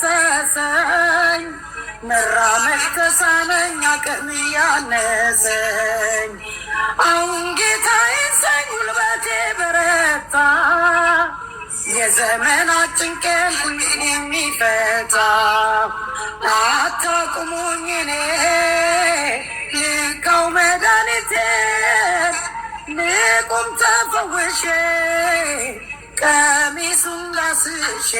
ገሰሰኝ መራመድ ተሳነኝ አቅም ያነሰኝ አሁን ጌታ ይንሰኝ ጉልበቴ በረታ የዘመናችን ጭንቄን ሁሉን የሚፈታ አታቁሙኝ እኔ ልቀው መድኃኒቴ ልቁም ተፈው አስሼ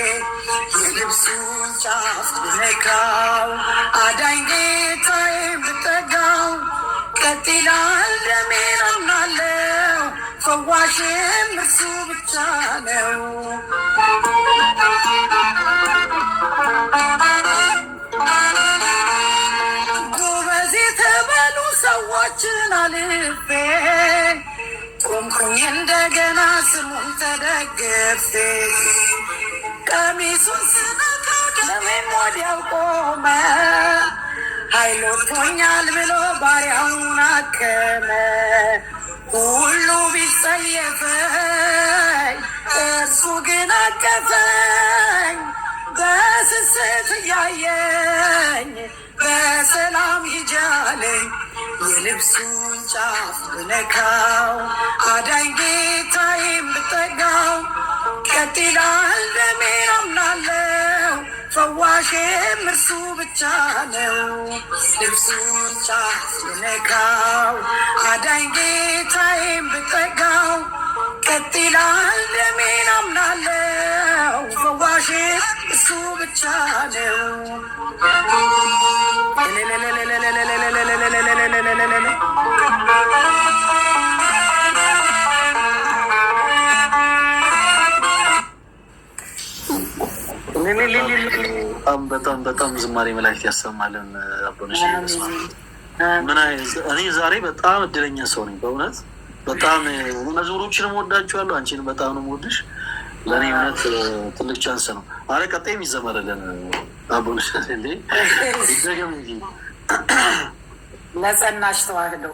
የልብሱን ጫፍ ብነካው አዳኝ ጌታዬ ብጠጋው ቀጥ ይላል ደሜን አምናለው ፈዋሽም እርሱ ብቻ ነው። ጎበዜ ተበሉ ሰዎችን አልፌ እንደገና ስሙን ተደግፌ ቀሚሱን ስነካው ደሜም ወዲያው ቆመ። ኃይሎቶኛል ብሎ ባሪያውን አከመ። ሁሉ ቢጸየፈኝ እርሱ ግን አቀፈኝ። በስስት እያየኝ በሰላም ሂጂ አለኝ። የልብሱን ጫፍ ብነካው አዳኝ ጌታዬም ብጠጋው ቀጥ ይላል ደሜ አምናለው ፈዋሽም እርሱ ብቻ ነው። ልብሱን ጫፍ ብነካው አዳኝ ጌታዬም ብጠጋው ቀጥ ይላል ደሜ አምናለው ፈዋሽም እርሱ ብቻ ነው። በጣም በጣም ዝማሬ መላእክት ያሰማልን። አቦነሽ ምን እኔ ዛሬ በጣም እድለኛ ሰው ነኝ በእውነት በጣም መዝሙሮችን እወዳችኋለሁ። አንቺን በጣም ነው የምወድሽ። ለእኔ እውነት ትልቅ ቻንስ ነው። አረ ቀጣይም ይዘመረለን አቦነሽ። ለጸናሽ ተዋህዶ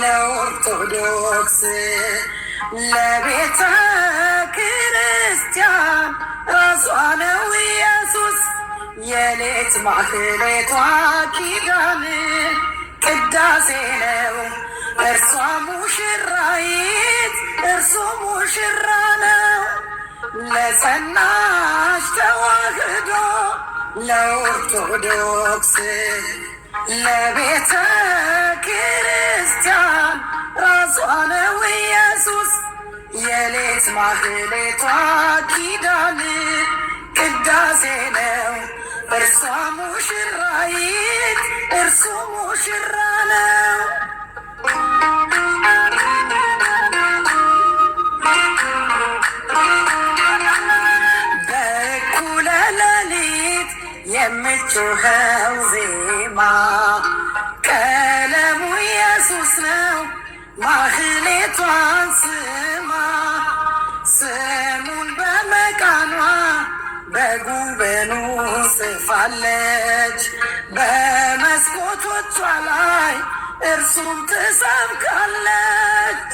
ለኦርቶዶክስ ለቤተ ክርስቲያን ራሷ ነው ኢየሱስ የሌት ማህሌቷ ኪዳን ቅዳሴ ነው እርሷ ሙሽራይት እርሱ ሙሽራ ነው ለጸናች ተዋህዶ ለኦርቶዶክስ ለቤተ እሷነ ኢየሱስ የሌት ማህሌቷ ኪዳን ቅዳሴ ነው። እርሷ ሙሽራይት እርሱ ሙሽራ ነው። በእኩለ ሌሊት የምትጮኸው ዜማ ቀለሙ ኢየሱስ ነው። ማህሌቷን ስማ ስሙን በመቃኗ በጉበኑ ጽፋለች በመስኮቶቿ ላይ እርሱም ትሰብካለች።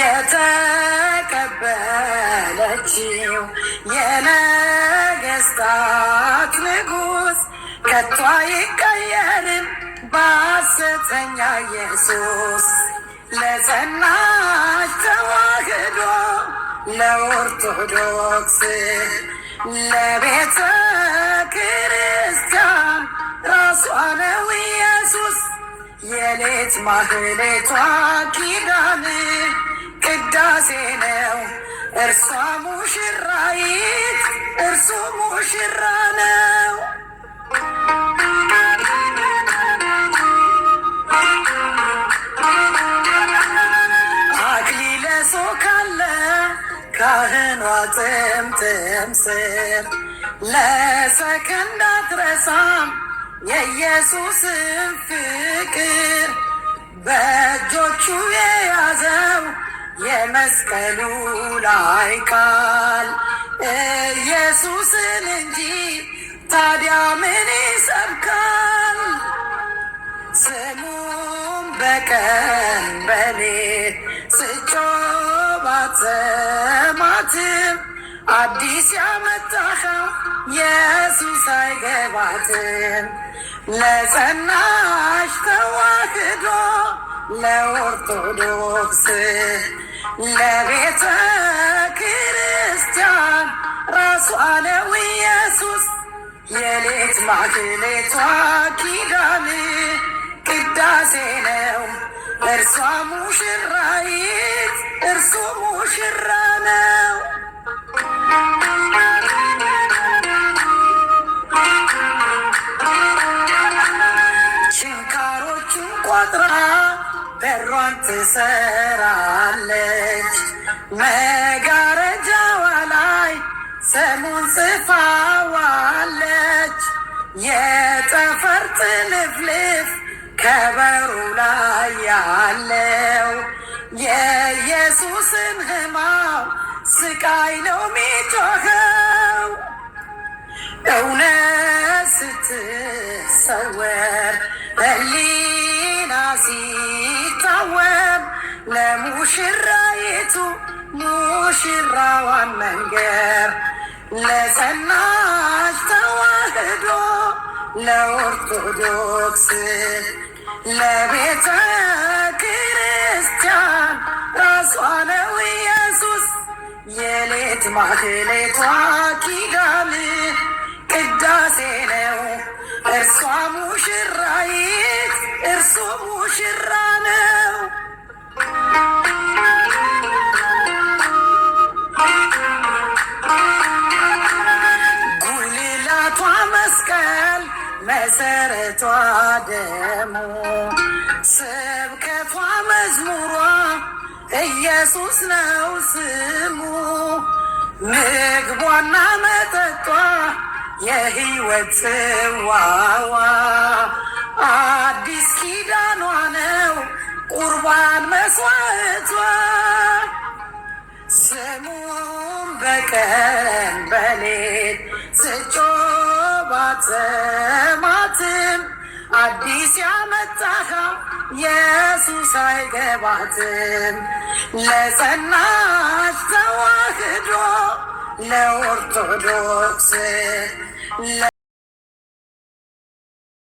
የተቀበለችው የነገስታት ንጉስ ከቷ ይቀየርም በሐሰተኛ ኢየሱስ ለጸናች ተዋህዶ ለኦርቶዶክስ ለቤተ ክርስቲያን ራሷ ነው ኢየሱስ የሌት ማህሌቷ ኪዳን ቅዳሴ ነው እርሷ ሙሽራይት እርሱ ሙሽራ ነው። ባህኗ ጥምጥም ስር ለሰከንድ አትረሳም የኢየሱስን ፍቅር በእጆቹ የያዘው የመስቀሉ ላይ ቃል ኢየሱስን እንጂ ታዲያ ምን ይሰብካል? ስሙም በቀን በሌት ስጮ አዲስ ያመጣኸው ኢየሱስ አይገባትም ለጸናሽ ተዋህዶ ለኦርቶዶክስ ለቤተ ክርስቲያን ራሱ አለው ኢየሱስ የሌት ማክሌቷ ኪዳን ቅዳሴ ነው። እርሷ ሙሽራይት፣ እርሱ ሙሽራ ነው። ፊቷን ትሰራለች። መጋረጃዋ ላይ ስሙን ጽፋዋለች። የጠፈር ጥልፍልፍ ከበሩ ላይ ያለው የኢየሱስን ሕማም ስቃይ ነው ሚጮኸው ሙሽራይቱ ሙሽራዋን መንገር ለጸናች ተዋህዶ ለኦርቶዶክስ ለቤተ ክርስቲያን ራሷ ነው ኢየሱስ የሌት ማህሌቷ ኪዳን ቅዳሴ ነው። እርሷ ሙሽራይት እርሱ ሙሽራ ነው። መስቀል መሰረቷ ደሞ ስብከቷ መዝሙሯ ኢየሱስ ነው ስሙ ምግቧና መጠጧ የህይወት ጽዋዋ አዲስ ኪዳኗ ነው ቁርባን መስዋዕቷ ስሙም በቀን በሌት ስጮ ሰባት ሰማትን አዲስ ያመጣህ ኢየሱስ አይገባትም ለጸናች ተዋህዶ ለኦርቶዶክስ